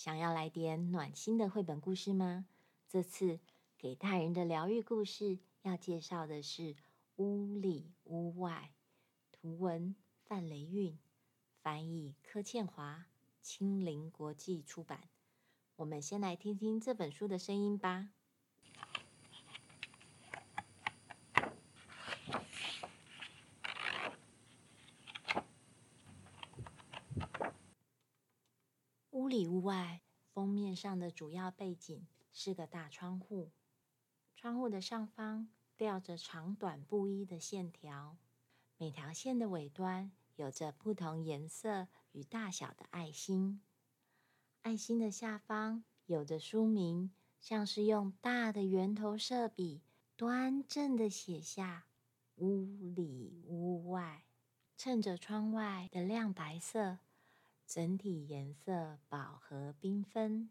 想要來點暖心的繪本故事嗎？這次給大人的療癒故事要介紹的是《屋裡屋外》，圖文范雷韻，翻譯柯倩華，青林國際出版。我們先來聽聽這本書的聲音吧。屋裡屋外，封面上的主要背景是個大窗戶，窗戶的上方吊着長短不一的線條，每條線的尾端有着不同顏色與大小的愛心。愛心的下方有着書名，像是用大的圓頭色筆端正的寫下“屋裡屋外”，襯着窗外的亮白色。整體顏色飽和繽紛，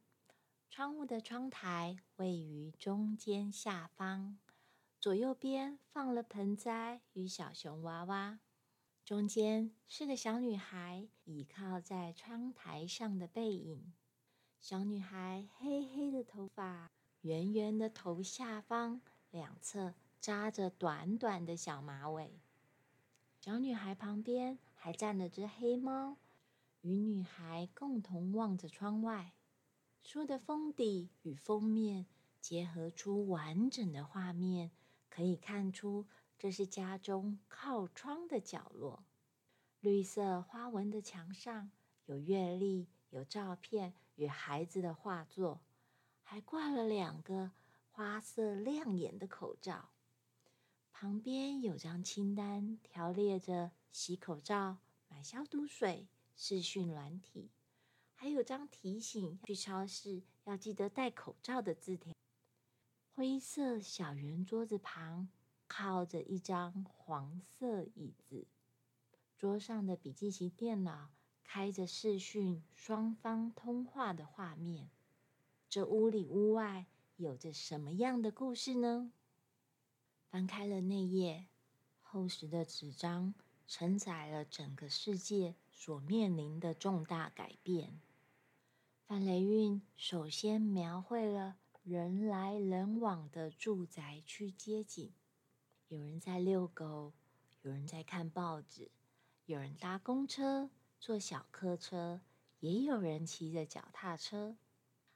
窗戶的窗台位於中間下方，左右邊放了盆栽與小熊娃娃，中間是個小女孩倚靠在窗台上的背影。小女孩黑黑的頭髮，圓圓的頭下方兩側紮着短短的小馬尾。小女孩旁邊還站了隻黑貓。與女孩共同望着窗外，書的封底與封面結合出完整的畫面，可以看出這是家中靠窗的角落。綠色花紋的牆上有月曆、有照片與孩子的畫作，還掛了兩個花色亮眼的口罩。旁邊有張清單，條列着洗口罩、買消毒水。視訊軟體，還有張提醒去超市要記得戴口罩的字條。灰色小圓桌子旁靠着一張黃色椅子，桌上的筆記型電腦開着視訊雙方通話的畫面。這屋裡屋外有着什麼樣的故事呢？翻開了那頁，厚實的紙張承載了整個世界，所面臨的重大改變。范雷韻首先描繪了人來人往的住宅區街景，有人在遛狗，有人在看報紙，有人搭公車、坐小客車，也有人騎着腳踏車。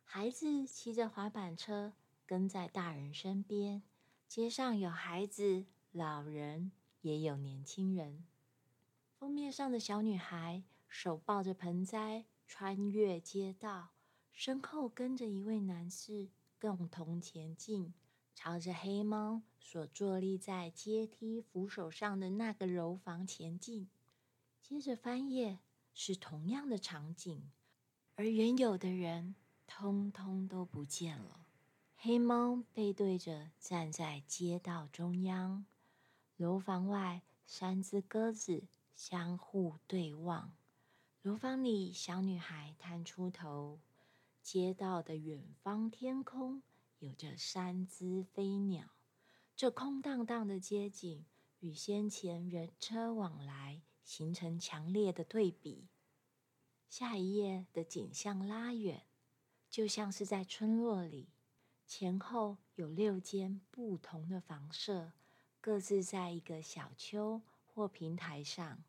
孩子騎着滑板車跟在大人身邊，街上有孩子、老人，也有年輕人。封面上的小女孩手抱着盆栽，穿越街道，身後跟着一位男士，共同前進，朝着黑貓所坐立在階梯扶手上的那個樓房前進。接着翻頁是同樣的場景，而原有的人通通都不見了。黑貓背對着站在街道中央，樓房外三隻鴿子。相互對望，樓房裡小女孩探出頭，街道的遠方天空有着三隻飛鳥。這空蕩蕩的街景與先前人車往來形成強烈的對比。下一頁的景象拉遠，就像是在村落裡，前後有六間不同的房舍，各自在一個小丘或平台上，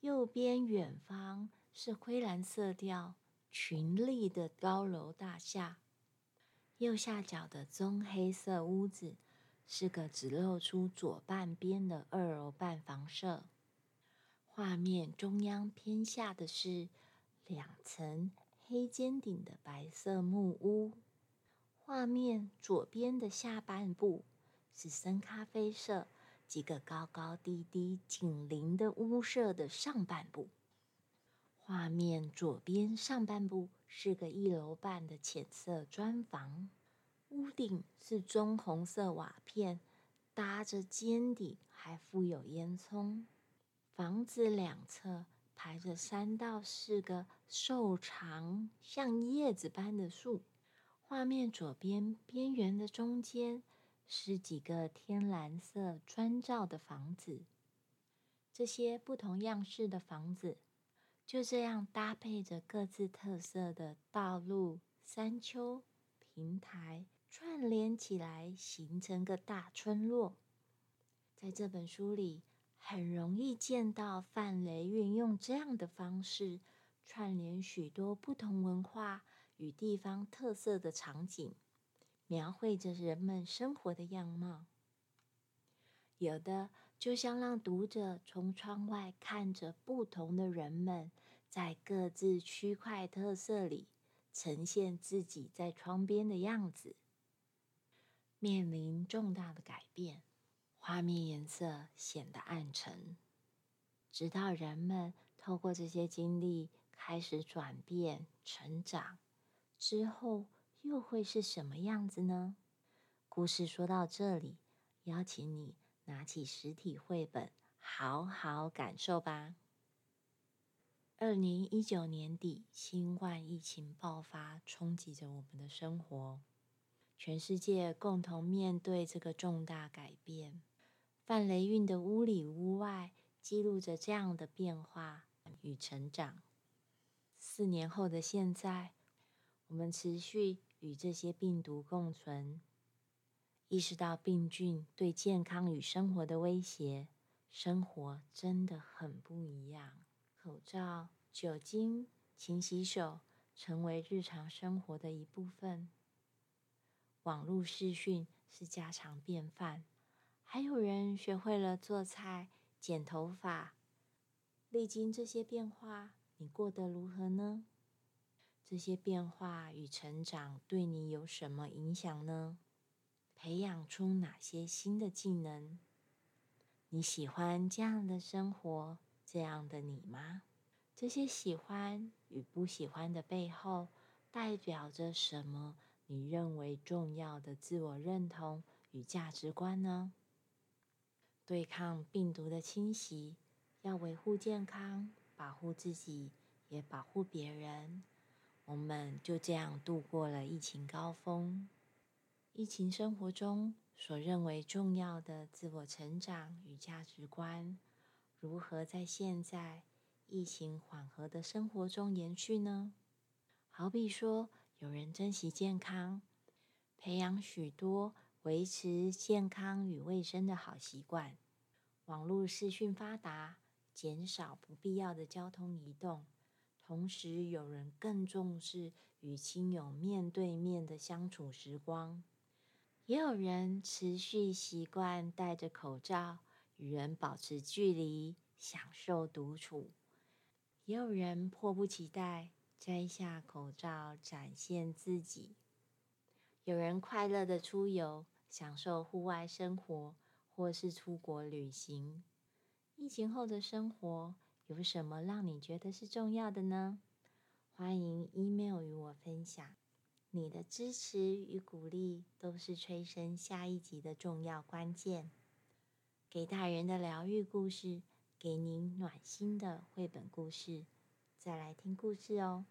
右邊遠方是灰藍色調群立的高樓大廈。右下角的棕黑色屋子是個只露出左半邊的二樓半房舍。畫面中央偏下的是兩層黑尖頂的白色木屋。畫面左邊的下半部是深咖啡色。幾個高高低低緊鄰的屋舍的上半部，畫面左邊上半部是個一樓半的淺色磚房，屋頂是棕紅色瓦片，搭着尖頂，還附有煙囪。房子兩側排着三到四個瘦長像葉子般的樹。畫面左邊邊緣的中間。是幾個天藍色磚造的房子，這些不同樣式的房子就這樣搭配着各自特色的道路、山丘、平台，串聯起來形成個大村落。在這本書裡，很容易見到范雷韻用這樣的方式，串聯許多不同文化與地方特色的場景。描繪着人們生活的樣貌，有的就像讓讀者從窗外看着不同的人們在各自區塊特色裡呈現自己在窗邊的樣子，面臨重大的改變，畫面顏色顯得暗沉，直到人們透過這些經歷開始轉變成長之後。又會是什麼樣子呢？故事說到這裡，邀請你拿起實體繪本，好好感受吧。二零一九年底，新冠疫情爆發，衝擊着我們的生活，全世界共同面對這個重大改變。范雷韻的屋裡屋外，記錄着這樣的變化與成長。四年後的現在，我們持續。與這些病毒共存，意識到病菌對健康與生活的威脅，生活真的很不一樣。口罩、酒精、勤洗手成為日常生活的一部分，網絡視訊是家常便飯，還有人學會了做菜、剪頭髮。歷經這些變化，你過得如何呢？這些變化與成長對你有什麼影響呢？培養出哪些新的技能？你喜歡這樣的生活，這樣的你嗎？這些喜歡與不喜歡的背後，代表着什麼？你認為重要的自我認同與價值觀呢？對抗病毒的侵襲，要維護健康，保護自己，也保護別人。我們就這樣度過了疫情高峰。疫情生活中所認為重要的自我成長與價值觀，如何在現在疫情緩和的生活中延續呢？好比說，有人珍惜健康，培養許多維持健康與衛生的好習慣。網絡視訊發達，減少不必要的交通移動。同時，有人更重視與親友面對面的相處時光；也有人持續習慣戴着口罩與人保持距離，享受獨處；也有人迫不及待摘下口罩，展現自己。有人快樂地出遊，享受戶外生活，或是出國旅行。疫情後的生活。有什麼讓你覺得是重要的呢？歡迎 email 與我分享。你的支持與鼓勵都是催生下一集的重要關鍵。給大人的療癒故事，給您暖心的繪本故事。再來聽故事哦。